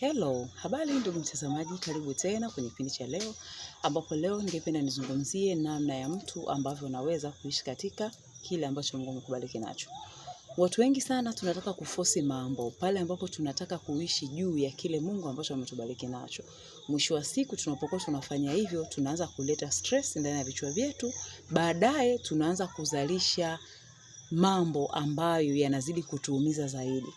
Hello, habari ndugu mtazamaji, karibu tena kwenye kipindi cha leo, ambapo leo ningependa nizungumzie namna ya mtu ambavyo unaweza kuishi katika kile ambacho Mungu amekubariki nacho. Watu wengi sana tunataka kufosi mambo pale ambapo tunataka kuishi juu ya kile Mungu ambacho ametubariki nacho. Mwisho wa siku tunapokuwa tunafanya hivyo, tunaanza kuleta stress ndani ya vichwa vyetu, baadaye tunaanza kuzalisha mambo ambayo yanazidi kutuumiza zaidi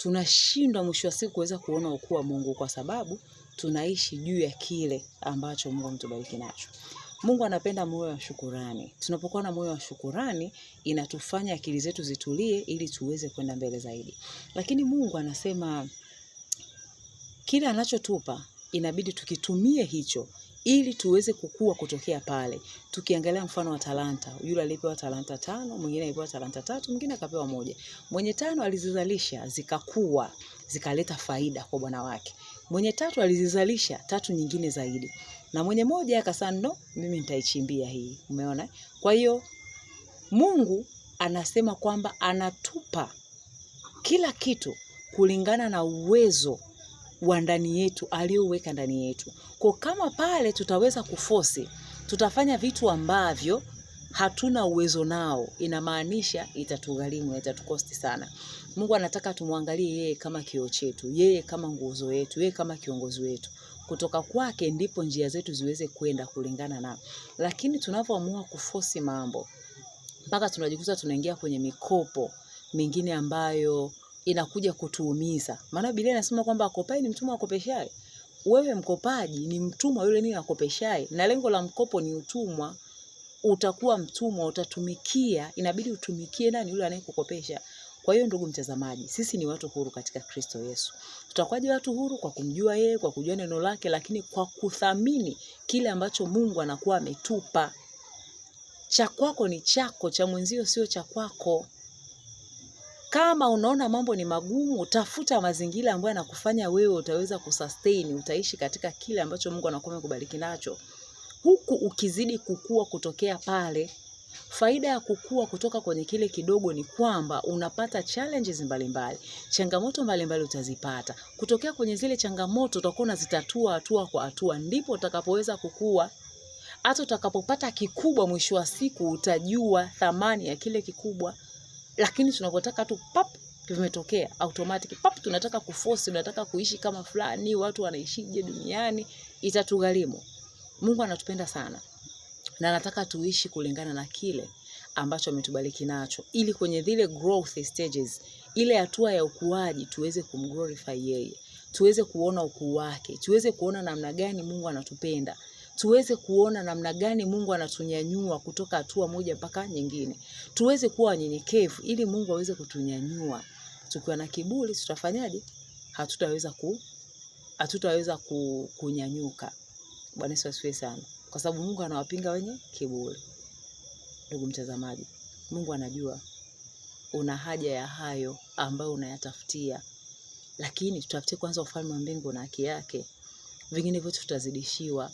tunashindwa mwisho wa siku kuweza kuona ukuu wa Mungu kwa sababu tunaishi juu ya kile ambacho Mungu ametubariki nacho. Mungu anapenda moyo wa shukurani. Tunapokuwa na moyo wa shukurani, inatufanya akili zetu zitulie ili tuweze kwenda mbele zaidi. Lakini Mungu anasema kile anachotupa inabidi tukitumie hicho ili tuweze kukua kutokea pale. Tukiangalia mfano wa talanta, yule alipewa talanta tano, mwingine alipewa talanta tatu, mwingine akapewa moja. Mwenye tano alizizalisha zikakua, zikaleta faida kwa bwana wake. Mwenye tatu alizizalisha tatu nyingine zaidi, na mwenye moja no, mimi nitaichimbia hii. Umeona? Kwa hiyo Mungu anasema kwamba anatupa kila kitu kulingana na uwezo wa ndani yetu aliyouweka ndani yetu. Kwa kama pale tutaweza kufosi, tutafanya vitu ambavyo hatuna uwezo nao, inamaanisha itatugharimu, itatukosti sana. Mungu anataka tumwangalie yeye kama kioo chetu, yeye kama nguzo yetu, yeye kama kiongozi wetu. Kutoka kwake ndipo njia zetu ziweze kwenda kulingana na, lakini tunavyoamua kufosi mambo mpaka tunajikuta tunaingia kwenye mikopo mingine ambayo inakuja kutuumiza. Maana Biblia inasema kwamba akopaye ni mtumwa akopeshaye. Wewe mkopaji ni mtumwa yule niye akopeshaye, na lengo la mkopo ni utumwa. Utakuwa mtumwa, utatumikia, inabidi utumikie nani? Yule anayekukopesha. Kwa hiyo ndugu mtazamaji, sisi ni watu huru katika Kristo Yesu. Tutakuwaje watu huru? Kwa kumjua yeye, kwa kujua neno lake, lakini kwa kuthamini kile ambacho Mungu anakuwa ametupa. Cha kwako ni chako, cha mwenzio sio cha kwako. Kama unaona mambo ni magumu, tafuta mazingira ambayo yanakufanya wewe utaweza kusustain, utaishi katika kile ambacho Mungu anakuwa amekubariki nacho. Huku ukizidi kukua kutokea pale. Faida ya kukua kutoka kwenye kile kidogo ni kwamba unapata challenges mbalimbali, changamoto mbalimbali utazipata. Kutokea kwenye zile changamoto utakuwa unazitatua hatua kwa hatua, ndipo utakapoweza kukua. Hata utakapopata kikubwa, mwisho wa siku utajua thamani ya kile kikubwa lakini tunavyotaka tu pap vimetokea automatic pap, tunataka kuforce, tunataka kuishi kama fulani, watu wanaishije duniani, itatugharimu. Mungu anatupenda sana na anataka tuishi kulingana na kile ambacho ametubariki nacho, ili kwenye zile growth stages, ile hatua ya ukuaji, tuweze kumglorify yeye, tuweze kuona ukuu wake, tuweze kuona namna gani Mungu anatupenda tuweze kuona namna gani Mungu anatunyanyua kutoka hatua moja mpaka nyingine. Tuweze kuwa wanyenyekevu ili Mungu aweze kutunyanyua. Tukiwa na kiburi tutafanyaje? Hatutaweza ku hatutaweza ku, kunyanyuka. Bwana Yesu asifiwe sana, kwa sababu Mungu anawapinga wenye kiburi. Ndugu mtazamaji, Mungu anajua una haja ya hayo ambayo unayatafutia, lakini tutafutie kwanza ufalme wa mbingu na haki yake, vingine vyote tutazidishiwa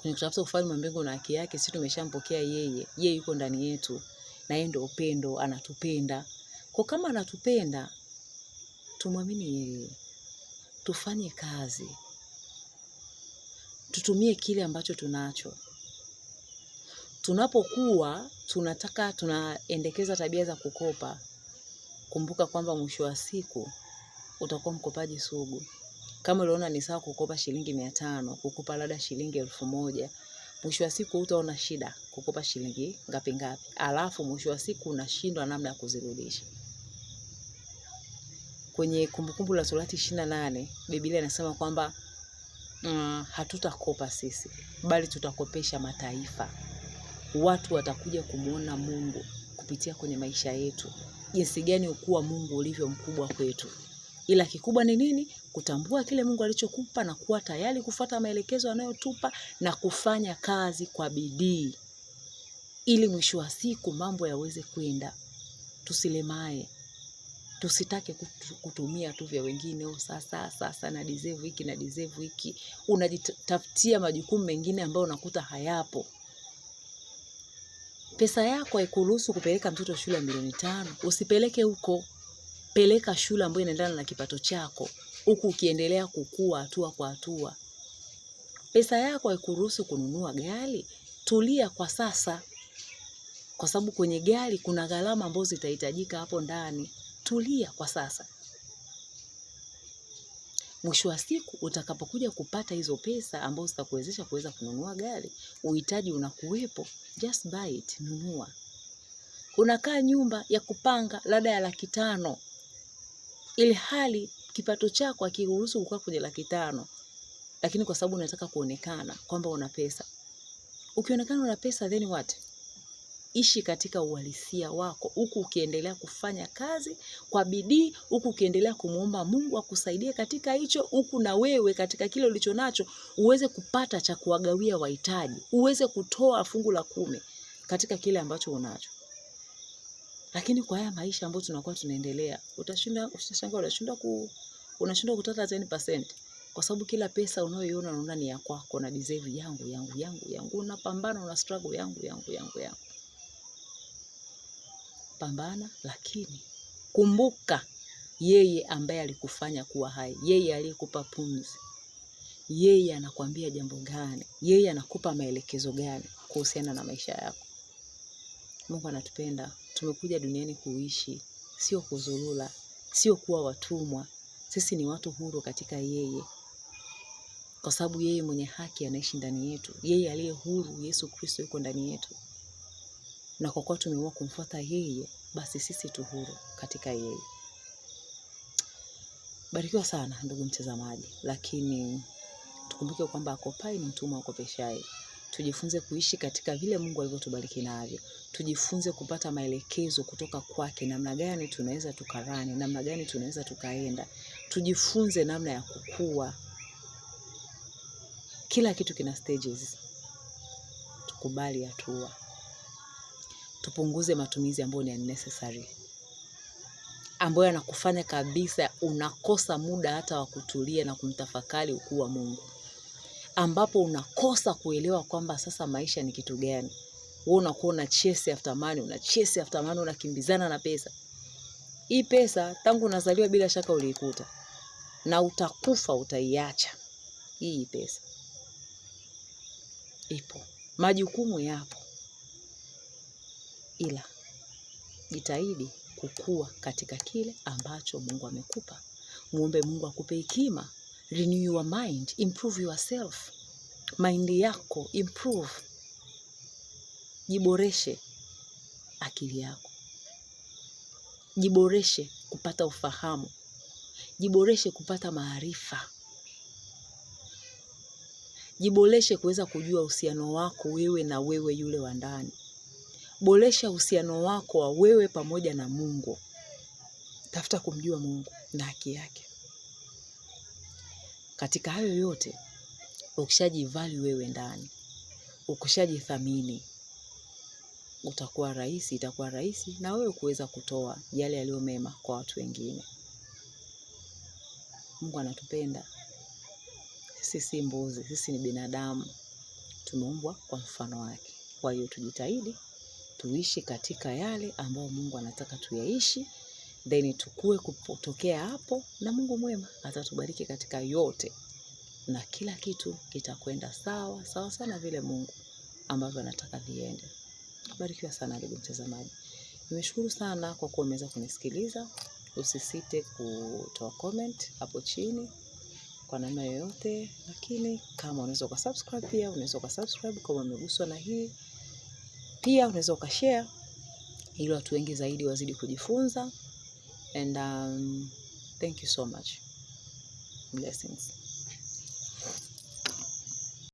kunitafuta ufalme wa mbingu na haki yake, sisi tumeshampokea yeye, yeye yuko ndani yetu na yeye ndio upendo, anatupenda. Kwa kama anatupenda, tumwamini yeye, tufanye kazi, tutumie kile ambacho tunacho. Tunapokuwa tunataka tunaendekeza tabia za kukopa, kumbuka kwamba mwisho wa siku utakuwa mkopaji sugu. Kama uliona ni sawa kukopa shilingi mia tano, kukopa labda shilingi elfu moja, mwisho wa siku utaona shida kukopa shilingi ngapi ngapi, alafu mwisho wa siku unashindwa namna ya kuzirudisha. Kwenye Kumbukumbu la Torati ishirini na nane Biblia inasema kwamba mm, hatutakopa sisi, bali tutakopesha mataifa. Watu watakuja kumwona Mungu kupitia kwenye maisha yetu, jinsi gani ukuwa Mungu ulivyo mkubwa kwetu. Ila kikubwa ni nini? kutambua kile Mungu alichokupa na kuwa tayari kufuata maelekezo anayotupa na kufanya kazi kwa bidii ili mwisho wa siku mambo yaweze kwenda. Tusilemae, tusitake kutumia tu vya wengine. Oh, sasa sasa na deserve hiki na deserve hiki, unajitafutia majukumu mengine ambayo unakuta hayapo. Pesa yako haikuruhusu kupeleka mtoto shule ya milioni tano, usipeleke huko, peleka shule ambayo inaendana na kipato chako huku ukiendelea kukua hatua kwa hatua. Pesa yako haikuruhusu kununua gari, tulia kwa sasa, kwa sababu kwenye gari kuna gharama ambazo zitahitajika hapo ndani. Tulia kwa sasa. Mwisho wa siku utakapokuja kupata hizo pesa ambazo zitakuwezesha kuweza kununua gari, uhitaji unakuwepo, just buy it, nunua. Unakaa nyumba ya kupanga labda ya laki tano ili hali kipato chako akiruhusu kukaa kwenye laki tano, lakini kwa sababu unataka kuonekana kwamba una pesa. Ukionekana una pesa, then what? Ishi katika uhalisia wako, huku ukiendelea kufanya kazi kwa bidii, huku ukiendelea kumwomba Mungu akusaidie katika hicho, huku na wewe katika kile ulicho nacho uweze kupata cha kuwagawia wahitaji, uweze kutoa fungu la kumi katika kile ambacho unacho. Lakini kwa haya maisha ambayo tunakuwa tunaendelea, utashinda, utashangaa, utashinda ku unashindwa kutoa 10% kwa sababu kila pesa unayoiona unaona ni ya kwako, na deserve yangu yangu yangu yangu, unapambana una struggle yangu yangu yangu yangu. Pambana, lakini kumbuka yeye ambaye alikufanya kuwa hai, yeye aliyekupa pumzi, yeye anakuambia jambo gani, yeye anakupa maelekezo gani kuhusiana na maisha yako. Mungu anatupenda, tumekuja duniani kuishi, sio kuzurula sio kuwa watumwa. Sisi ni watu huru katika yeye, kwa sababu yeye mwenye haki anaishi ndani yetu. Yeye aliye huru, Yesu Kristo, yuko ndani yetu, na kwa kuwa tumeamua kumfuata yeye, basi sisi tu huru katika yeye. Barikiwa sana ndugu mtazamaji, lakini tukumbuke kwamba akopai ni mtumwa wa kopeshai. Tujifunze kuishi katika vile Mungu alivyotubariki navyo. Tujifunze kupata maelekezo kutoka kwake, namna gani tunaweza tukarani, namna gani tunaweza tukaenda tujifunze namna ya kukua. Kila kitu kina stages, tukubali hatua, tupunguze matumizi ambayo ni unnecessary, ambayo yanakufanya kabisa unakosa muda hata wa kutulia na kumtafakari ukuu wa Mungu, ambapo unakosa kuelewa kwamba sasa maisha ni kitu gani. Wewe unakuwa una chase after money, una chase after money, unakimbizana na pesa. Hii pesa tangu unazaliwa bila shaka uliikuta na utakufa, utaiacha hii pesa. Ipo, majukumu yapo, ila jitahidi kukua katika kile ambacho Mungu amekupa. Muombe Mungu akupe hekima, renew your mind, improve yourself, maindi yako improve, jiboreshe akili yako, jiboreshe kupata ufahamu jiboreshe kupata maarifa, jiboreshe kuweza kujua uhusiano wako wewe na wewe yule wa ndani. Boresha uhusiano wako wa wewe pamoja na Mungu. Tafuta kumjua Mungu na haki yake. Katika hayo yote, ukishajivali wewe ndani, ukishajithamini, utakuwa rahisi, itakuwa rahisi na wewe kuweza kutoa yale yaliyo mema kwa watu wengine. Mungu anatupenda sisi, mbuzi sisi ni binadamu, tumeumbwa kwa mfano wake. Kwa hiyo tujitahidi tuishi katika yale ambayo Mungu anataka tuyaishi, then tukue kutokea hapo, na Mungu mwema atatubariki katika yote na kila kitu kitakwenda sawa sawa sana vile Mungu ambavyo anataka viende. Barikiwa sana ndugu mtazamaji, nimeshukuru sana kwa kuwa umeweza kunisikiliza. Usisite kutoa comment hapo chini kwa namna yoyote, lakini kama unaweza ukasubscribe pia unaweza ukasubscribe kama umeguswa na hii, pia unaweza ukashare ili watu wengi zaidi wazidi kujifunza. And um, thank you so much. Blessings.